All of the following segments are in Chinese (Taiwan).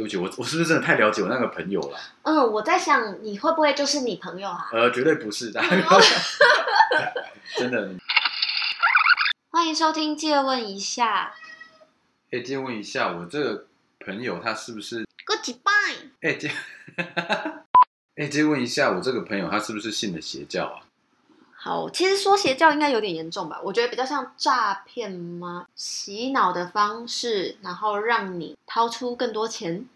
對不起，我我是不是真的太了解我那個朋友了？嗯，我在想你會不會就是你朋友啊？呃，絕對不是的， 真的。歡迎收聽《借問一下》，哎、欸，借問一下，我這個朋友他是不是？Goodbye。哎，借、 欸，借問一下，我這個朋友他是不是信了邪教啊？好，其實說邪教應該有點嚴重吧？我覺得比較像詐騙嗎？洗腦的方式，然後讓你掏出更多錢。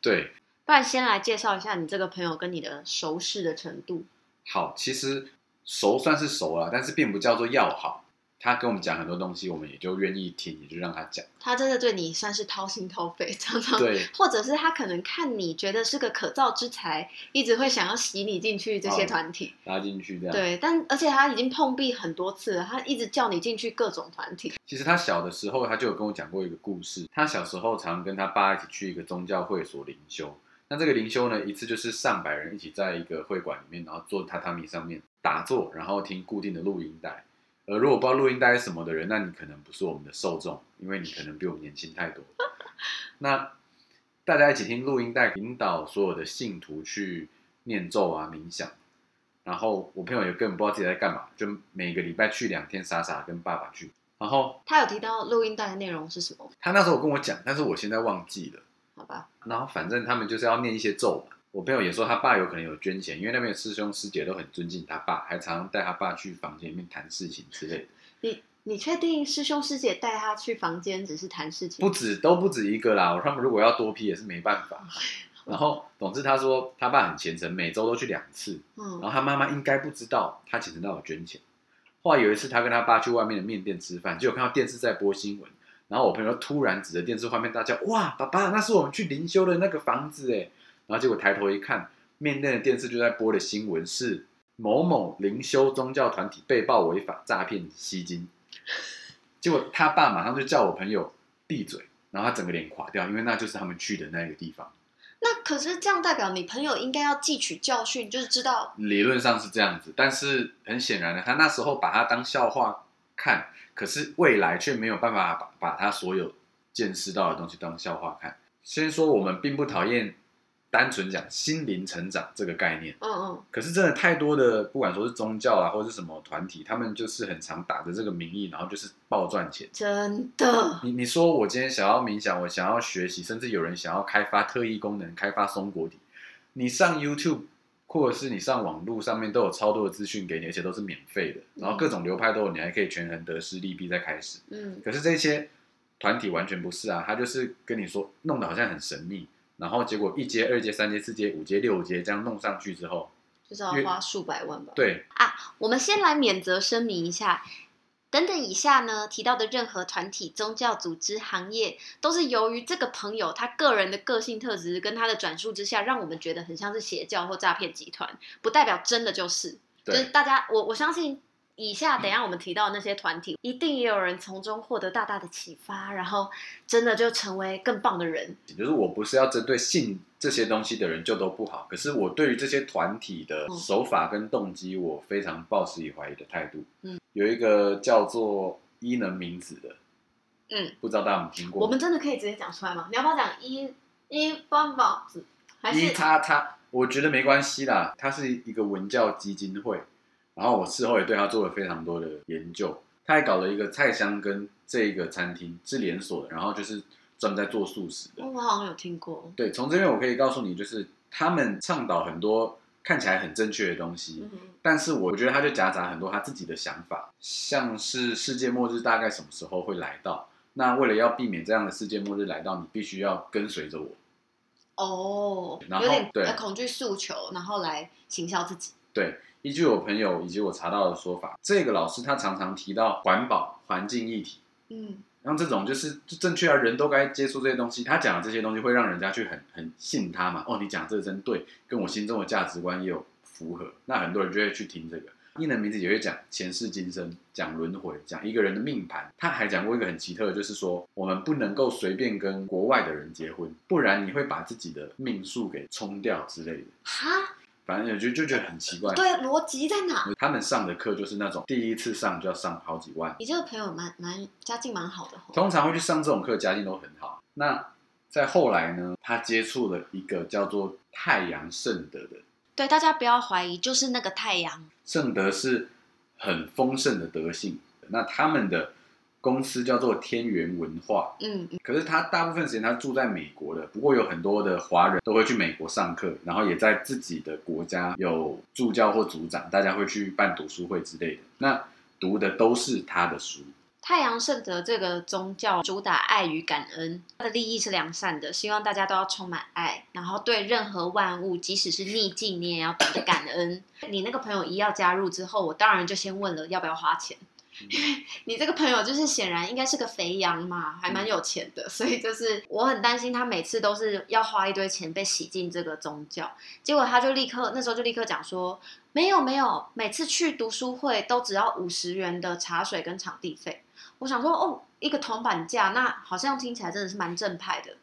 對。不然先來介紹一下你這個朋友跟你的熟識的程度。好，其實熟算是熟了啊，但是並不叫做要好。他跟我們講很多東西，我們也就願意聽，也就讓他講。他真的對你算是掏心掏肺，常常對，或者是他可能看你覺得是個可造之才，一直會想要吸你進去這些團體，拉進去這樣。對，但而且他已經碰壁很多次了，他一直叫你進去各種團體。其實他小的時候，他就有跟我講過一個故事。他小時候常跟他爸一起去一個宗教會所靈修，那這個靈修呢，一次就是上百人一起在一個會館裡面，然後坐榻榻米上面打坐，然後聽固定的錄音帶。呃，如果不知道錄音帶是什麼的人，那你可能不是我們的受眾，因為你可能比我們年輕太多。 那大家一起聽錄音帶，引導所有的信徒去念咒啊、冥想。然後我朋友也根本不知道自己在幹嘛，就每個禮拜去兩天，傻傻跟爸爸去。然後他有提到錄音帶的內容是什麼？他那時候跟我講，但是我現在忘記了。好吧。然後反正他們就是要念一些咒嘛。我朋友也說他爸有可能有捐錢，因為那邊的師兄師姐都很尊敬他爸，還常常帶他爸去房間裡面談事情之類的。你你確定師兄師姐帶他去房間只是談事情？不止，都不止一個啦，他們如果要多批也是沒辦法。 然後總之他說他爸很虔誠，每周都去兩次。 嗯，然後他媽媽應該不知道他虔誠到有捐錢。後來有一次他跟他爸去外面的麵店吃飯，結果看到電視在播新聞，然後我朋友突然指着電視畫面大叫：“哇，爸爸，那是我們去靈修的那個房子哎！”然後結果抬頭一看，面對的電視就在播的新聞是某某靈修宗教團體被曝違法詐騙吸金。結果他爸馬上就叫我朋友閉嘴，然後他整個臉垮掉，因為那就是他們去的那個地方。那可是這樣代表你朋友應該要記取教訓，就是知道理論上是這樣子，但是很顯然的，他那時候把他當笑話看，可是未來卻沒有辦法把把他所有見識到的東西當笑話看。先說我們並不討厭。單純講心靈成長這個概念，嗯嗯，可是真的太多的，不管說是宗教啊，或者是什麼團體，他們就是很常打着這個名義，然後就是爆賺錢。真的？你你說我今天想要冥想，我想要學習，甚至有人想要開發特異功能，開發松果體。你上 YouTube，或者是你上網絡上面都有超多的資訊給你，而且都是免費的。然後各種流派都有，你還可以權衡得失利弊再開始。嗯。可是這些團體完全不是啊，他就是跟你說，弄得好像很神秘。然後結果一階二階三階四階五階六階這樣弄上去之後，就是要花數百萬吧？對啊，我們先來免責聲明一下，等等以下呢提到的任何團體、宗教組織、行業，都是由於這個朋友他個人的個性特質跟他的轉述之下，讓我們覺得很像是邪教或詐騙集團，不代表真的就是，對就是大家我我相信。以下等一下我們提到的那些團體，嗯、一定也有人從中獲得大大的啟發，然後真的就成為更棒的人。就是我不是要針對信這些東西的人就都不好，可是我對於這些團體的手法跟動機，嗯、我非常抱持以懷疑的態度。嗯，有一個叫做伊能明子的，嗯，不知道大家有沒有聽過？我們真的可以直接講出來嗎？你要不要講伊伊番包子？還是伊他他，我覺得沒關係啦，他是一個文教基金會。然後我事後也對他做了非常多的研究，他還搞了一個菜箱，跟這個餐廳是連鎖的，然後就是專門在做素食的。我好像有聽過。對，從這邊我可以告訴你，就是他們倡導很多看起來很正確的東西，但是我覺得他就夾雜很多他自己的想法，像是世界末日大概什麼時候會來到？那為了要避免這樣的世界末日來到，你必須要跟隨着我。哦，有點恐懼訴求，然後來行銷自己。對，對。依據我朋友以及我查到的說法，這個老師他常常提到環保、環境議題，嗯，像這種就是正確啊，人都該接觸這些東西。他講的這些東西會讓人家去很很信他嘛？哦，你講這真對，跟我心中的價值觀也有符合，那很多人就會去聽這個。印的名字也會講前世今生，講輪迴，講一個人的命盤。他還講過一個很奇特的，就是說我們不能夠隨便跟國外的人結婚，不然你會把自己的命數給沖掉之類的。哈？反正就就覺得很奇怪，對，邏輯在哪？他們上的課就是那種第一次上就要上好幾萬。你這個朋友蠻蠻家境蠻好的，通常會去上這種課，家境都很好。那在後來呢，他接觸了一個叫做太陽聖德的，對，大家不要懷疑，就是那個太陽聖德是很豐盛的德性。那他們的。公司叫做天元文化，嗯，可是他大部分時間他住在美國的，不過有很多的華人都會去美國上課，然後也在自己的國家有助教或組長，大家會去辦讀書會之類的。那讀的都是他的書。太陽聖德這個宗教主打愛與感恩，他的利益是良善的，希望大家都要充滿愛，然後對任何萬物，即使是逆境，你也要懂得感恩。 你那個朋友一要加入之後，我當然就先問了要不要花錢。因為 你這個朋友就是顯然應該是個肥羊嘛，還蠻有錢的，所以就是我很擔心他每次都是要花一堆錢被洗進這個宗教。結果他就立刻那時候就立刻講說沒有沒有，每次去讀書會都只要五十元的茶水跟場地費。我想說哦，一個銅板價，那好像聽起來真的是蠻正派的，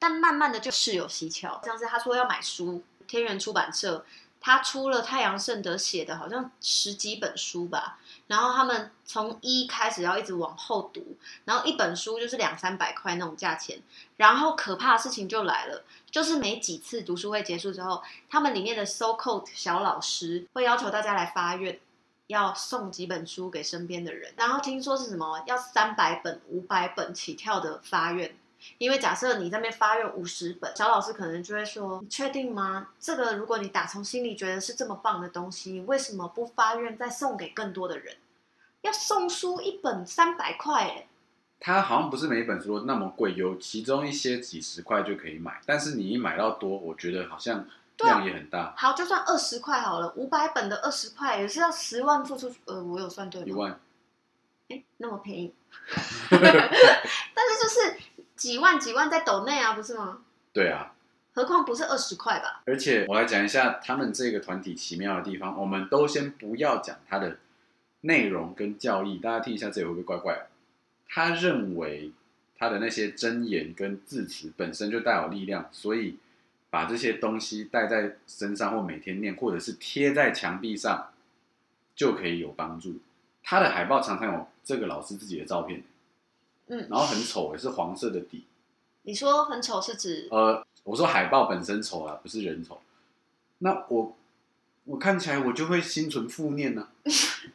但慢慢的就事有蹊蹺，像是他說要買書，天元出版社。他出了太陽盛德寫的，好像十幾本書吧。然後他們從一開始要一直往後讀，然後一本書就是兩三百塊那種價錢。然後可怕的事情就來了，就是沒幾次讀書會結束之後，他們裡面的 so-called 小老師會要求大家來發願，要送幾本書給身邊的人。然後聽說是什麼要三百本、五百本起跳的發願。因為假設你在那邊發願五十本，小老師可能就會說：“你確定嗎？這個如果你打從心裡覺得是這麼棒的東西，為什麼不發願再送給更多的人？要送書一本三百塊、欸，哎，它好像不是每一本書那麼貴，有其中一些幾十塊就可以買。但是你一買到多，我覺得好像量也很大。啊、好，就算二十塊好了，五百本的二十塊也是要十萬付出。呃，我有算對嗎？一萬，哎，那麼便宜， 但是就是。幾萬幾萬在抖內啊，不是嗎？對啊，何況不是二十塊吧？而且我來講一下他們這個團體奇妙的地方。我們都先不要講他的內容跟教義，大家聽一下，這會不會怪怪？他認為他的那些真言跟字詞本身就帶有力量，所以把這些東西帶在身上，或每天念，或者是貼在牆壁上，就可以有幫助。他的海報常常有這個老師自己的照片。嗯、然後很醜，也是黃色的底。你說很醜是指？呃，我說海報本身醜啊，不是人醜。那我我看起來我就會心存負念呢。 那是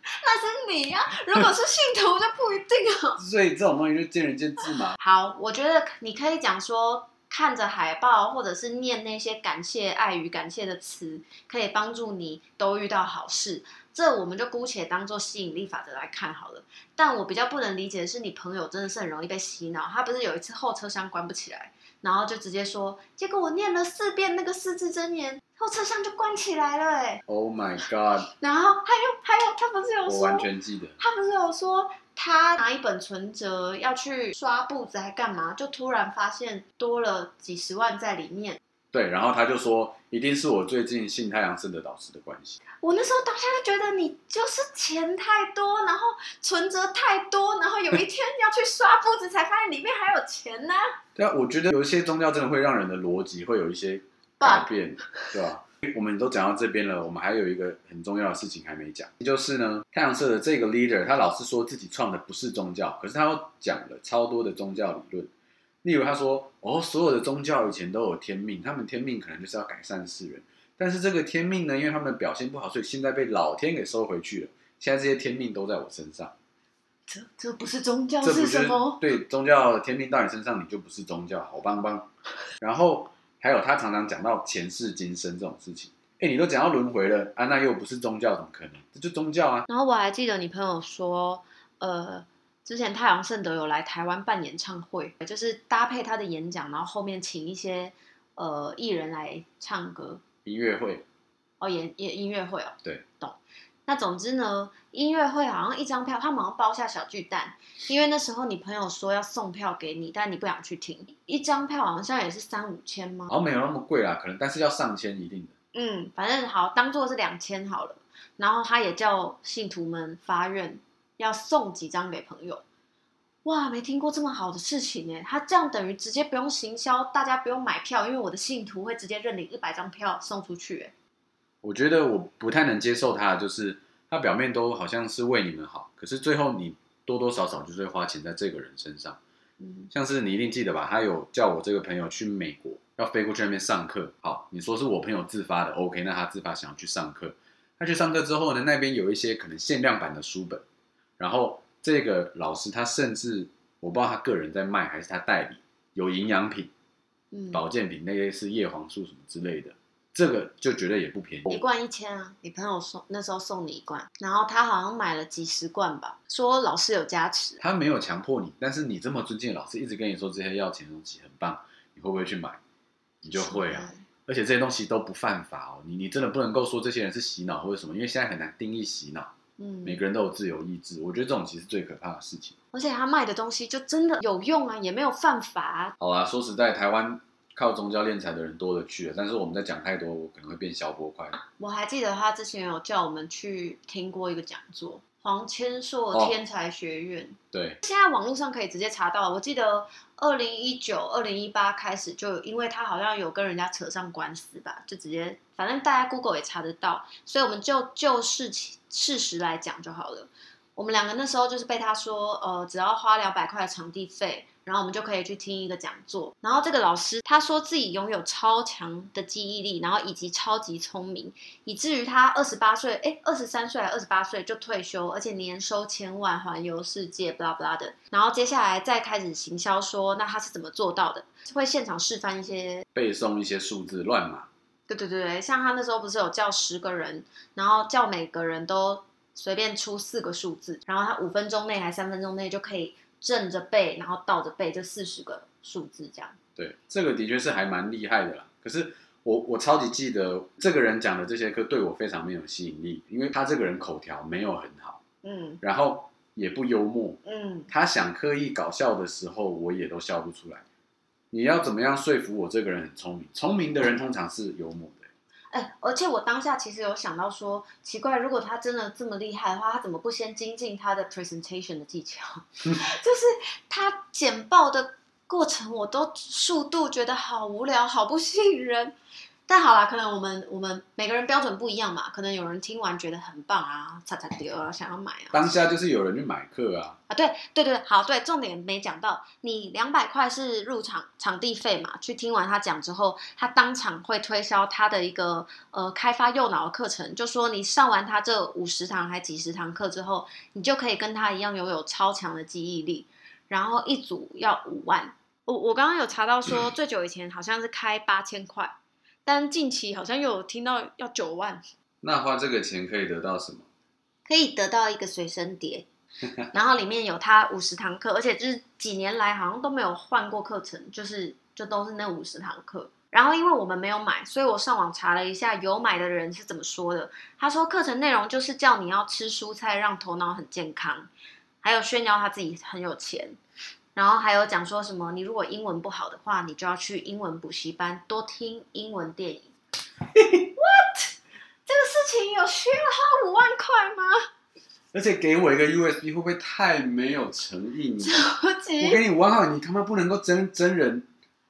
你呀、啊，如果是信徒就不一定啊。 所以這種東西就見仁見智嘛。 好，我覺得你可以講說。看着海報，或者是念那些感謝、愛與感謝的詞，可以幫助你都遇到好事。這我們就姑且當做吸引力法則來看好了。但我比較不能理解的是，你朋友真的是很容易被洗腦，他不是有一次後車廂關不起來？然後就直接說，結果我念了四遍那個四字真言，後車上就關起來了、欸。哎，Oh my god！然後還有還有，他不是有說，我完全記得，他不是有說他拿一本存折要去刷簿子，還幹嘛？就突然發現多了幾十萬在裡面。對，然後他就說，一定是我最近信太陽社的導師的關係。我那時候當下就覺得，你就是錢太多，然後存折太多，然後有一天要去刷簿子，才發現裡面還有錢呢、啊。對啊，我覺得有一些宗教真的會讓人的邏輯會有一些改變，Bug. 對吧、啊？我們都講到這邊了，我們還有一個很重要的事情還沒講，就是呢，太陽社的這個 leader，他老是說自己創的不是宗教，可是他又講了超多的宗教理論。例如他說：“哦，所有的宗教以前都有天命，他們天命可能就是要改善世人。但是這個天命呢，因為他們表現不好，所以現在被老天給收回去了。現在這些天命都在我身上。這這不是宗教，這、不就是、是什麼？對，宗教的天命到你身上，你就不是宗教，好棒棒。 然後還有他常常講到前世今生這種事情。誒，你都講到輪回了，啊，那又不是宗教，怎麼可能？這就宗教啊。然後我還記得你朋友說，呃。”之前太陽盛德有來台灣辦演唱會，就是搭配他的演講，然後後面請一些呃藝人來唱歌，音樂會哦，演音樂會哦，對，懂。那總之呢，音樂會好像一張票，他們要包下小巨蛋，因為那時候你朋友說要送票給你，但你不想去聽，一張票好像也是三五千嗎？哦，沒有那麼貴啦，可能，但是要上千一定的。嗯，反正好當做是兩千好了，然後他也叫信徒們發願。要送幾張給朋友？哇，沒聽過這麼好的事情哎！他這樣等於直接不用行銷，大家不用買票，因為我的信徒會直接認領一百張票送出去哎。我覺得我不太能接受他的，就是他表面都好像是為你們好，可是最後你多多少少就是會花錢在這個人身上。嗯。像是你一定記得吧？他有叫我這個朋友去美國，要飛過去那邊上課。好，你說是我朋友自發的，OK？那他自發想要去上課，他去上課之後呢，那邊有一些可能限量版的書本。然後這個老師他甚至我不知道他個人在賣還是他代理有營養品，嗯、保健品那些是葉黃素什麼之類的，這個就絕對也不便宜，一罐一千啊！你朋友送那時候送你一罐，然後他好像買了幾十罐吧，說老師有加持，他沒有強迫你，但是你這麼尊敬老師，一直跟你說這些要錢的東西很棒，你會不會去買？你就會啊！的而且這些東西都不犯法哦，你你真的不能夠說這些人是洗腦或者什麼，因為現在很難定義洗腦。嗯，每個人都有自由意志，我覺得這種其實最可怕的事情。而且他賣的東西就真的有用啊，也沒有犯法啊。好啊，說實在，台灣靠宗教斂財的人多了去了，但是我們在講太多，我可能會變小波快。我還記得他之前有叫我們去聽過一個講座，黃千碩天才學院。哦、對，現在網絡上可以直接查到。我記得二零一九、二零一八開始，就因為他好像有跟人家扯上官司吧，就直接。反正大家 Google 也查得到，所以我們就就事情事實來講就好了。我們兩個那時候就是被他說，呃，只要花兩百塊的場地費，然後我們就可以去聽一個講座。然後這個老師他說自己擁有超強的記憶力，然後以及超級聰明，以至於他二十八歲，哎，二十三歲還是二十八歲就退休，而且年收千萬，環遊世界，blah blah 的。然後接下來再開始行銷說，說那他是怎麼做到的？就會現場示範一些背誦一些數字亂碼。對對對對，像他那時候不是有叫十個人，然後叫每個人都隨便出四個數字，然後他五分鐘內，還三分鐘內就可以正着背，然後倒着背，就四十個數字這樣。對，這個的確是還蠻厲害的啦。可是我我超級記得這個人講的這些課對我非常沒有吸引力，因為他這個人口條沒有很好，嗯，然後也不幽默，嗯，他想刻意搞笑的時候，我也都笑不出來。你要怎麼樣說服我這個人很聰明？聰明的人通常是幽默的。而且我當下其實有想到說，奇怪，如果他真的這麼厲害的話，他怎麼不先精進他的 presentation 的技巧？ 就是他簡報的過程，我都速度覺得好無聊，好不吸引人。但好啦，可能我們我們每個人標準不一樣嘛，可能有人聽完覺得很棒啊，叉叉啊，想要買啊。當下就是有人去買課啊。啊，對對對對，好對，重點沒講到，你兩百塊是入場場地費嘛？去聽完他講之後，他當場會推銷他的一個呃開發右腦的課程，就說你上完他這五十堂還幾十堂課之後，你就可以跟他一樣擁有超強的記憶力。然後一組要五萬，我我剛剛有查到說最久以前好像是開八千塊。但近期好像又有聽到要九萬，那花這個錢可以得到什麼？可以得到一個隨身碟，然後裡面有他五十堂課，而且就是幾年來好像都沒有換過課程，就是就都是那五十堂課。然後因為我們沒有買，所以我上網查了一下有買的人是怎麼說的，他說課程內容就是叫你要吃蔬菜讓頭腦很健康，還有炫耀他自己很有錢。然後還有講說什麼，你如果英文不好的話，你就要去英文補習班，多聽英文電影。 What？這個事情有需要花五萬塊嗎？而且給我一個 U S B 會不會太沒有誠意呢？我給你五萬塊，你他媽不能夠真真人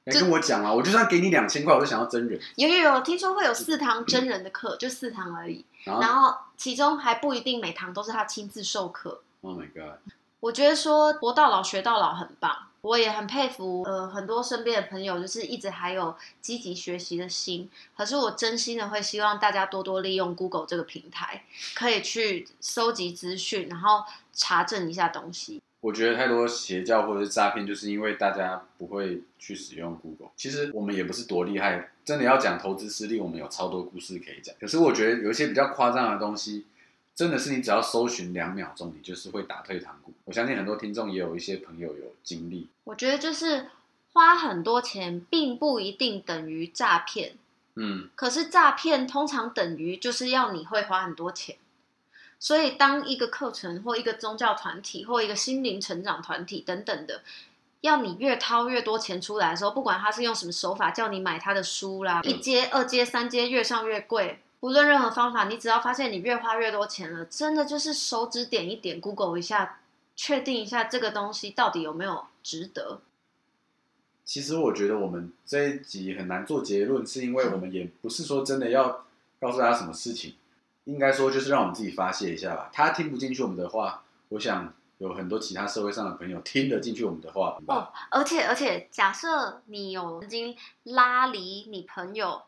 來跟我講啊！就我就算給你兩千塊，我都想要真人。有，有有，我聽說會有四堂真人的課，就四堂而已。啊、然後其中還不一定每堂都是他親自授課。Oh my god！我覺得說活到老學到老很棒，我也很佩服。呃，很多身邊的朋友就是一直還有積極學習的心。可是我真心的會希望大家多多利用 Google 這個平台，可以去收集資訊，然後查證一下東西。我覺得太多邪教或者是詐騙，就是因為大家不會去使用 Google。其實我們也不是多厲害，真的要講投資失利，我們有超多故事可以講。可是我覺得有一些比較誇張的東西。真的是你只要搜尋兩秒鐘，你就是會打退堂鼓。我相信很多聽眾也有一些朋友有經歷。我覺得就是花很多錢並不一定等於詐騙，嗯，可是詐騙通常等於就是要你會花很多錢。所以當一個課程或一個宗教團體或一個心靈成長團體等等的，要你越掏越多錢出來的時候，不管他是用什麼手法叫你買他的書啦，嗯，一階、二階、三階越上越貴。無論任何方法，你只要發現你越花越多錢了，真的就是手指點一點，Google 一下，確定一下這個東西到底有沒有值得。其實我覺得我們這一集很難做結論，是因為我們也不是說真的要告訴大家什麼事情，嗯、應該說就是讓我們自己發洩一下吧。他聽不進去我們的話，我想有很多其他社會上的朋友聽得進去我們的話。哦、而且而且，假設你有曾經拉離你朋友。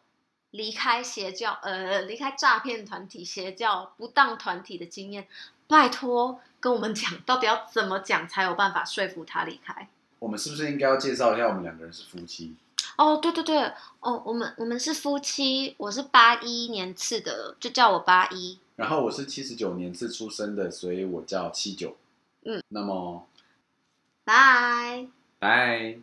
離開邪教，呃，離開詐騙團體、邪教不當團體的經驗，拜托跟我們講，到底要怎麼講才有辦法說服他離開？我們是不是應該要介紹一下，我們兩個人是夫妻？哦，對對對，哦，我們我們是夫妻，我是八一年次的，就叫我八一，然後我是七十九年次出生的，所以我叫七九。嗯，那麼，拜拜 Bye。